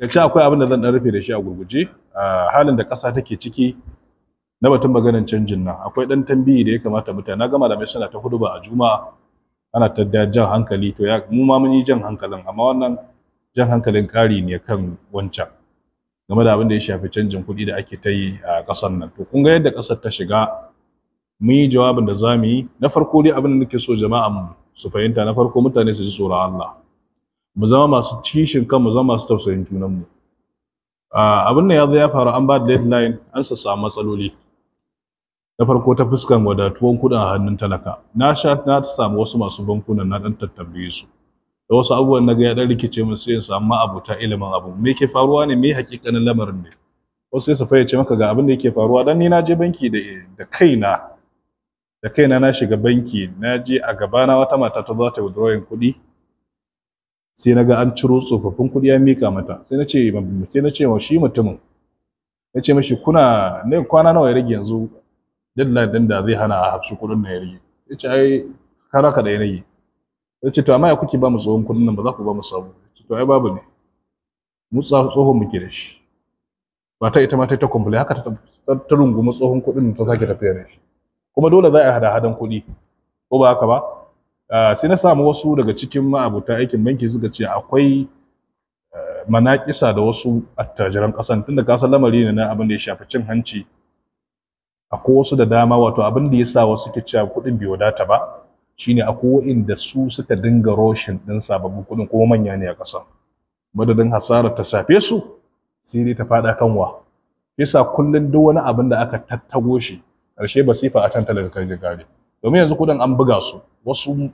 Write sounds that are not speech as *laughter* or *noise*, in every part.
yanzu akwai abin da zan dan rufe da shi a gurguje halin da ƙasa take ciki na batun maganar canjin nan akwai dan tambayi da ya kamata mutane na gama da mai suna ta hudu ba a juma'a ana ta jan hankali to ya mu ma mun yi jan hankalin amma wannan jan hankalin ƙari ne kan wancan game da abin da ya shafi canjin kuɗi da ake ta yi a ƙasar nan to kun ga yadda ƙasar ta shiga mun yi jawabin da za mu yi na farko dai abin da nake so jama'a mu su fahimta na farko mutane su ji tsoron Allah mu zama masu cishin kan mu zama masu tausayin junanmu abin da ya zo ya faru an ba da deadline an sassa matsaloli na farko ta fuskan wadatuwan kuɗin a hannun talaka na sha na samu wasu masu bankunan na ɗan tattambaye su da wasu abubuwan na ga ya ɗan rikice mun sai in samu abuta ilimin abu me ke faruwa ne me hakikanin lamarin ne wasu sai su ce maka ga abin da yake faruwa dan ni na je banki da da kaina da kaina na shiga banki na je a gabana wata mata ta zo ta withdrawing kuɗi sai na ga an ciro tsofaffin kuɗi ya mika mata sai na ce sai na ce wa shi mutumin na ce mashi kuna ne kwana nawa ya rage yanzu deadline din da zai hana a hapsu kuɗin na ya rage ya ce ai kara ka da ya rage ya ce to amma ya kuke ba mu tsohon kuɗin nan ba za ku ba mu sabo ya ce to ai babu ne mu tsohon muke da shi ba ta ita ma ta ta kumfule haka ta rungumi tsohon kuɗin ta sake tafiya da shi kuma dole za a yi hada-hadan kuɗi ko ba haka ba Ah, sai na samu wasu daga cikin ma'abuta aikin banki suka ce akwai eh, manaƙisa da wasu attajiran ƙasan tunda ka san lamari ne na abin da ya shafi cin hanci akwai wasu da dama wato abin da ya sa wasu ke cewa kuɗin bai wadata ba shine akwai wa'inda su suka dinga roshin ɗin sababbin kuɗin kuma manya ne a ƙasan. madadin hasarar ta shafe su sai dai ta faɗa kanwa yasa kullum duk wani abin da aka tattago shi ƙarshe basifa a can kan kai gare domin yanzu kuɗin an buga su wasu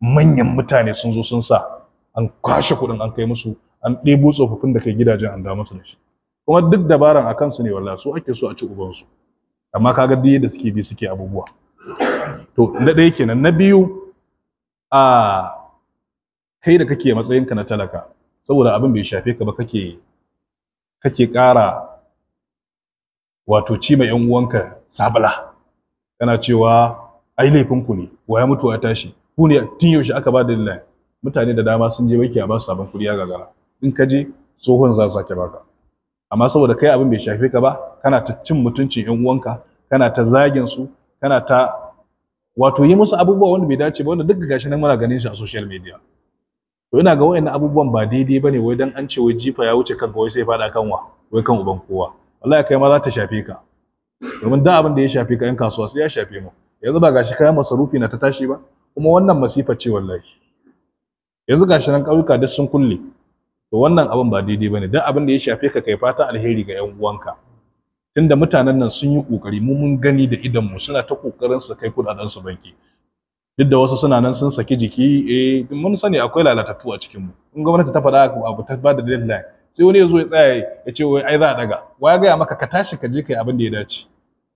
manyan mutane sun zo sun sa an kwashe kuɗin an kai musu an ɗebo tsofaffin da kai gidajen an da musu da shi kuma duk dabaran a kansu ne wallahi su ake so a ci ubansu amma kaga duk da suke bi suke abubuwa to na ɗaya kenan na biyu a kai da kake matsayinka na talaka saboda abin bai shafe ka ba kake kake ƙara wato ci ma 'yan uwanka sabula kana cewa ai laifin ku ne wa ya mutu ya tashi ku ne tun yaushe aka ba da lillahi mutane da dama sun je baki a ba su sabon kuɗi ya gagara in ka je tsohon za su sake baka amma saboda kai abin bai shafe ka ba kana ta cin mutuncin yan uwanka kana ta zagin su kana ta wato yi musu abubuwa wanda bai dace ba wanda duk gashi nan muna ganin shi a social media to ina ga wayannan abubuwan ba daidai bane wai dan an ce wai jifa ya wuce kanka wai sai fada kan wa wai kan uban kowa wallahi kai ma za ta shafe ka domin da abin da ya shafe ka yan kasuwa sai ya shafe mu yanzu ba gashi kayan masarufi na ta tashi ba kuma wannan masifa ce wallahi yanzu gashi nan ƙauyuka duk sun kulle to wannan abin ba daidai bane duk abin da ya shafe ka kai fata alheri ga yan uwanka tunda mutanen nan sun yi kokari mu mun gani da idan mu suna ta kokarin su kai kudaden su banki duk da wasu suna nan sun saki jiki eh mun sani akwai lalatattu a cikin mu in gwamnati ta faɗa abu ta bada deadline sai wani ya zo ya tsaya ya ce wai ai za a daga ya gaya maka ka tashi ka je kai abin da ya dace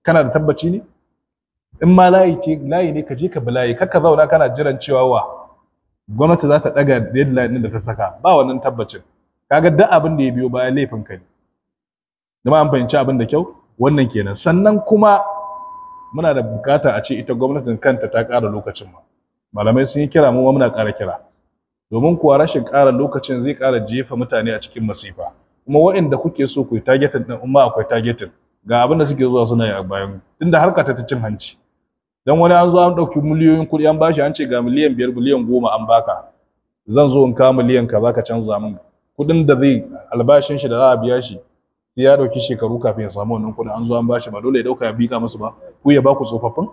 kana da tabbaci ne in ma layi ce layi ne ka je ka bi layi ka zauna kana jiran cewa wa gwamnati za ta daga deadline da ta saka ba wannan tabbacin kaga duk abin da ya biyo baya laifin ka ne ma an fahimci abin da kyau wannan kenan sannan kuma muna da bukata a ce ita gwamnatin kanta ta ƙara lokacin ma malamai sun yi kira mu muna ƙara kira domin kuwa rashin ƙara lokacin zai ƙara jefa mutane a cikin masifa kuma waɗanda kuke so ku yi targeting din umma akwai targeting ga abin da suke zuwa suna yi a bayan tunda harka ta cin hanci dan wani an zo an ɗauki miliyoyin kuɗi an bashi an ce ga miliyan biyar miliyan goma an baka zan zo in ka miliyan ka baka canza min kuɗin da zai albashin shi da za a biya shi sai ya ɗauki shekaru kafin ya samu wannan kuɗi. an zo an bashi ba dole ya ɗauka ya bika musu ba ku ya baku tsofaffin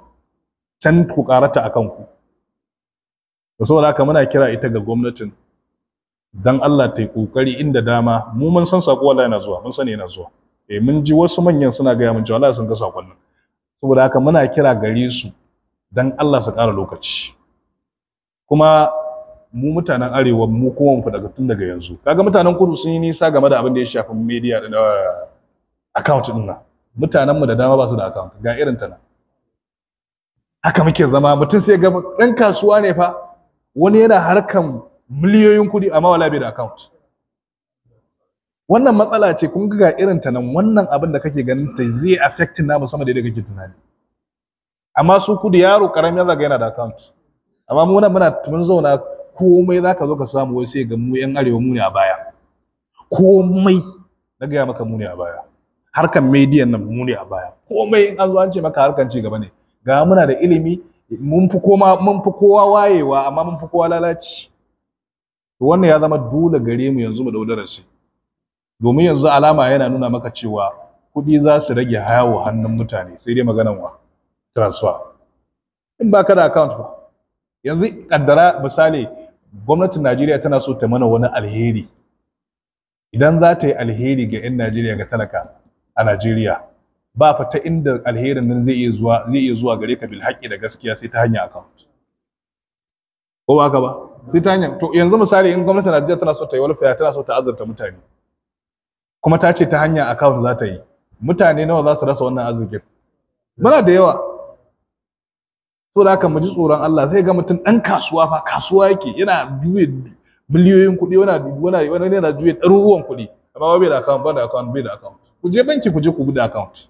can ku karata a kanku da saboda haka muna kira ita ga gwamnatin dan Allah ta yi kokari inda dama mu mun san sako wallahi na zuwa mun sani yana zuwa eh mun ji wasu manyan suna gaya mun cewa Allah sun ga sakon nan saboda haka muna kira gare su dan Allah su ƙara lokaci kuma mu mutanen arewa mu kuma mu daga tun daga yanzu kaga mutanen kudu sun yi nisa game da abin da ya shafi media da eh, account din nan mutanen mu da dama ba su da account ga irin ta nan haka muke zama mutum sai ga dan kasuwa ne fa wani yana harkan miliyoyin kudi amma wala bai da account wannan matsala ce kun ga irin ta nan wannan abin da kake ganin ta zai affect na musamman da yadda kake tunani amma su kudu yaro karami za ga yana da account amma mu nan muna mun zauna komai za ka zo ka samu wai sai ga mu yan arewa mu ne a baya komai na gaya maka mu ne a baya harkan media nan mu ne a baya komai in an zo an ce maka harkan ci gaba ne ga muna da ilimi mun fi koma mun fi kowa wayewa amma mun fi kowa lalaci wannan ya zama dole gare mu yanzu mu dau darasi domin yanzu alama yana nuna maka cewa kuɗi za su rage hayawo hannun mutane sai dai maganan wa transfer in ba ka da account fa yanzu kaddara misali gwamnatin Najeriya tana so ta mana wani alheri idan za ta yi alheri ga 'yan Najeriya ga talaka a Najeriya ba fa ta inda alherin nan zai iya zuwa zai iya zuwa gare ka bil haƙƙi da gaskiya sai ta hanyar account ko ba ka ba sai ta hanyar to yanzu misali in gwamnatin Najeriya tana so ta yi welfare tana so ta azurta mutane kuma ta ce ta hanya account za ta yi mutane nawa za su rasa wannan arzikin muna da yawa so da haka mu ji tsoron Allah sai ga mutum ɗan kasuwa fa kasuwa yake yana juye miliyoyin kuɗi yana wani wani yana juye ɗaruruwan kuɗi amma bai da account ba da account bai da account ku je banki ku je ku bude account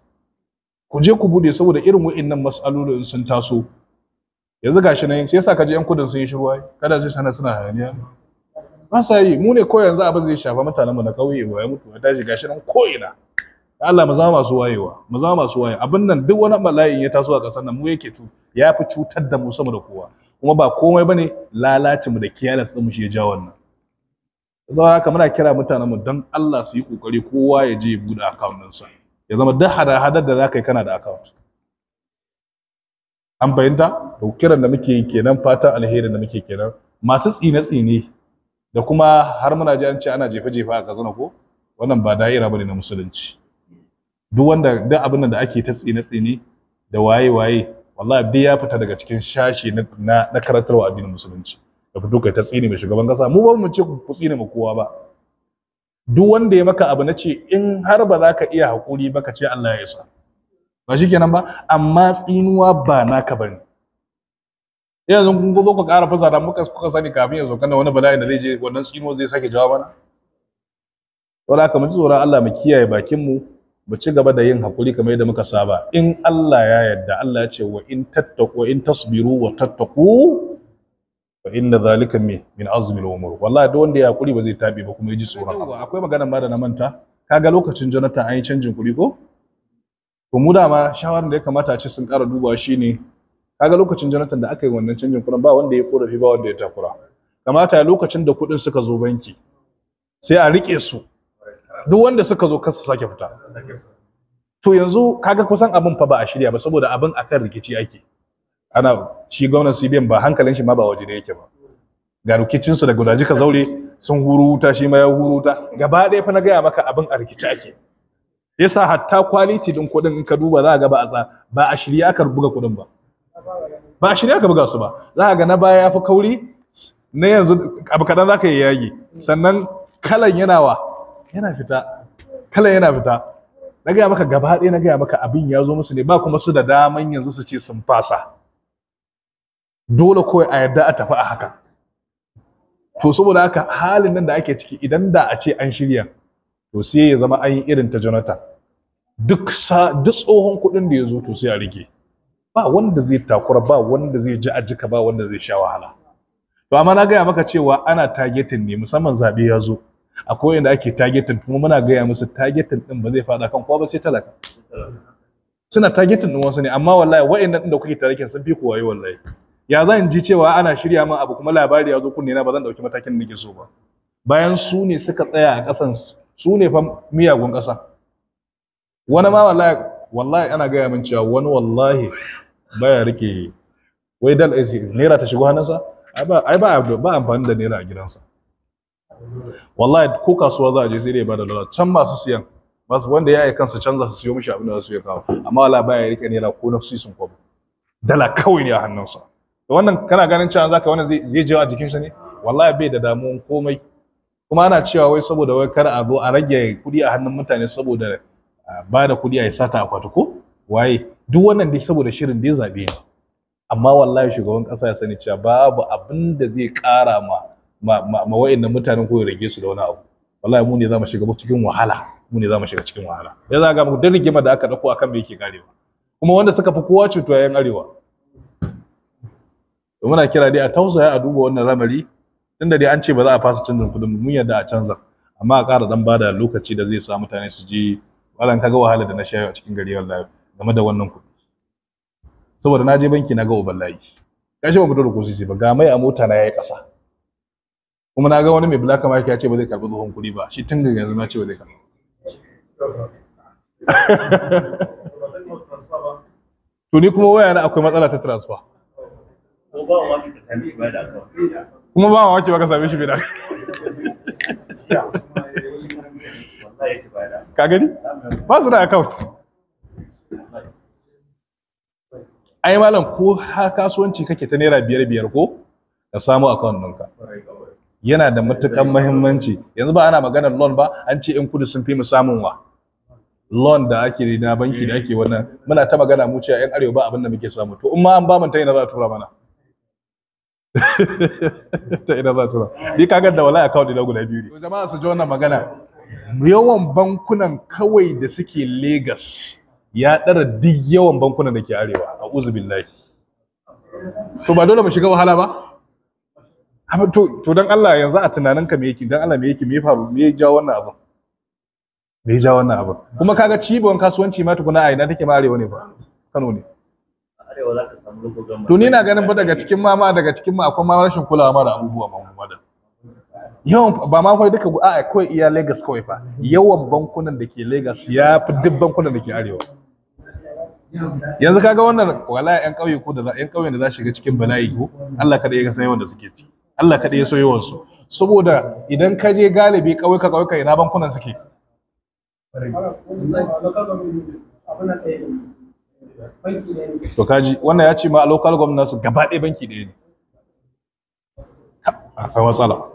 ku je ku bude saboda irin wa'annan mas'alolin sun taso yanzu gashi nan sai yasa ka ji yan kudin sun yi shiruwa kada sai sana suna hayaniya ba sa yi mu ne ko yanzu abin zai shafa mutanenmu na ƙauye Wa ya mutu ya tashi gashi nan ko ina Allah mu masu wayewa mu zama masu waye abin nan duk wani mala'in ya taso a ƙasar nan mu yake tu ya fi cutar da mu sama da kowa kuma ba komai bane lalacin mu da kiyalas tsamu shi ya ja wannan zama haka muna kira mutanen mu dan Allah su yi kokari kowa ya je ya bude account sa ya zama duk hada-hadar da za ka yi kana da account an fahimta to kiran da muke kenan fatan alherin da muke kenan masu tsine-tsine da kuma har muna ji an ce ana jefe-jefe a kazana ko wannan ba da'ira bane na musulunci duk wanda duk abin da ake ta tsine-tsine da waye-waye wallahi duk ya fita daga cikin shashi na na addinin musulunci da fito kai ta tsine mai shugaban kasa mu ba mu ce ku tsine mu kowa ba duk wanda ya maka abu na ce in har ba za ka iya haƙuri ba ka ce Allah ya isa ba shikenan ba amma tsinuwa ba naka bane yanzu kun zo ku ƙara fasa da muka kuka sani kafin yanzu kana wani bala'i da zai je wannan tsino zai sake jawo mana to ka mu tsoron Allah mu kiyaye bakin mu mu ci gaba da yin hakuri kamar yadda muka saba in Allah ya yarda Allah ya ce wa in tattaqu in tasbiru wa tattaqu, fa inna zalika min azmi al-umur wallahi duk wanda ya hakuri ba zai tabe ba kuma ya ji tsoron Allah akwai magana ma da na manta kaga lokacin Jonathan an yi canjin kuɗi ko to mu ma shawaran da ya kamata a ce sun ƙara dubawa shine kaga lokacin Jonathan da aka yi wannan canjin kuɗin ba wanda ya korafi ba wanda ya takura kamata lokacin da kuɗin suka zo banki sai a rike su duk wanda suka zo kasu sake fita to yanzu kaga kusan abin fa ba a shirya ba saboda abin akan rikici ake ana shi gwamnan CBN ba hankalin shi ma ba waje da yake ba ga rikicin su da gudaji ka zaure sun huru wuta shi ma ya huru gaba ɗaya fa na gaya maka abin a rikici ake yasa hatta quality din kuɗin in ka duba za ga ba a ba a shirya aka buga kuɗin ba ba a shirya ka buga su ba za ka ga na baya ya fi kauri na yanzu abu kaɗan za ka yi yagi sannan kalan yana wa yana fita kalan yana fita na gaya maka gaba ɗaya na gaya maka abin ya zo musu ne ba kuma su da daman yanzu su ce sun fasa dole kawai a yarda a tafi a haka to saboda haka halin nan da ake ciki idan da a ce an shirya to sai ya zama an yi irin ta Jonathan duk tsohon kuɗin da ya zo to sai a rike ba wanda zai takura ba wanda zai ji a jika ba wanda zai sha wahala to amma na gaya maka cewa ana targetin ne musamman zabe ya zo akwai inda ake targetin kuma muna gaya musu targetin din ba zai fada kan kowa ba sai talaka suna targetin din wasu ne amma wallahi wa'annan din da kuke tarakin, sun fi ku waye wallahi ya zan ji cewa ana shirya min abu kuma labari ya zo kunne na ba zan dauki matakin da nake so ba bayan su ne suka tsaya a kasan su ne fa miyagun kasa wani ma wallahi wallahi ana gaya min cewa wani wallahi baya rike wai dal naira ta shigo hannunsa ai ba ba amfani da naira a gidansa wallahi ko kasuwa za a je sai dai ba da dala can masu siyan masu wanda ya yi kansa canza su siyo mishi abin da za su ya kawo amma wala baya rike naira ko na sisin kwabo dala kawai ne a hannunsa to wannan kana ganin cewa zaka wannan zai je a jikin ne wallahi bai da damuwa komai kuma ana cewa wai saboda wai kar a zo a rage kuɗi a hannun mutane saboda ba da kuɗi a yi sata akwati ko waye duk wannan dai saboda shirin dai zaɓe ne amma wallahi shugaban ƙasa ya sani cewa babu abin da zai ƙara ma ma wa'annan mutanen ko ya rage su da wani abu wallahi mu ne za mu shiga cikin wahala mu ne za mu shiga cikin wahala ya ga mu da rigima da aka dauko akan me yake karewa kuma wanda suka fi kowa cutuwa yan arewa to muna kira dai a tausaya a duba wannan ramari tunda dai an ce ba za a fasa canjin kudin mun yarda a canza amma a ƙara dan bada lokaci da zai sa mutane su je wallan kaga wahala da na shayo a cikin gari wallahi game da wannan kuɗi saboda na je banki na ga wallahi kashi gashi ban fito da kusisi ba ga mai a mota na yayi ƙasa kuma na ga wani mai black market ya ce ba zai karɓi tsohon kuɗi ba shi tun daga yanzu na ce ba zai karɓi *laughs* to ni kuma waya na akwai matsala ta transfer kuma ba mamaki ba ka same shi bai da *laughs* ka gani ba su da account ai malam ko ha kasuwanci kake ta naira biyar biyar ko ka samu account ɗinka yana da matukan mahimmanci yanzu ba ana maganar loan ba an ce in kudu sun fi mu samun wa loan da ake na banki da ake wannan muna ta magana mu cewa yan arewa ba abin da muke samu to in ma an ba mu ta ina za a tura mana *laughs* ta ina za a tura ni kaga da wala account ina guda biyu ne jama'a su ji wannan magana yawan bankunan kawai da suke Legas ya ɗara duk yawan bankunan da ke arewa a uzubillahi to ba dole mu shiga wahala ba to to Allah yanzu a tunaninka me yake don Allah me yake me faru me ja wannan abin me ya jawo wannan abin kuma kaga cibiyar kasuwanci ma tukuna a ina take ma arewa ne ba Kano ne to ni na ganin ba daga cikin mama daga cikin ma akwai ma rashin kulawa mara abubuwa ma mu da yawan ba ma fa duka a'a kawai iya Lagos kawai fa yawan bankunan da ke Lagos ya fi duk bankunan da ke arewa yanzu kaga wannan wallahi yan kauye ko da yan kauyen da za shiga cikin bala'i ko Allah kada ya ga san yawan da suke ci Allah kada ya so yawan su saboda idan ka je galibi kauye ka kauye ina bankunan suke to kaji wannan ya ce ma a local gwamnati gaba ɗaya banki ɗaya ne akwai matsala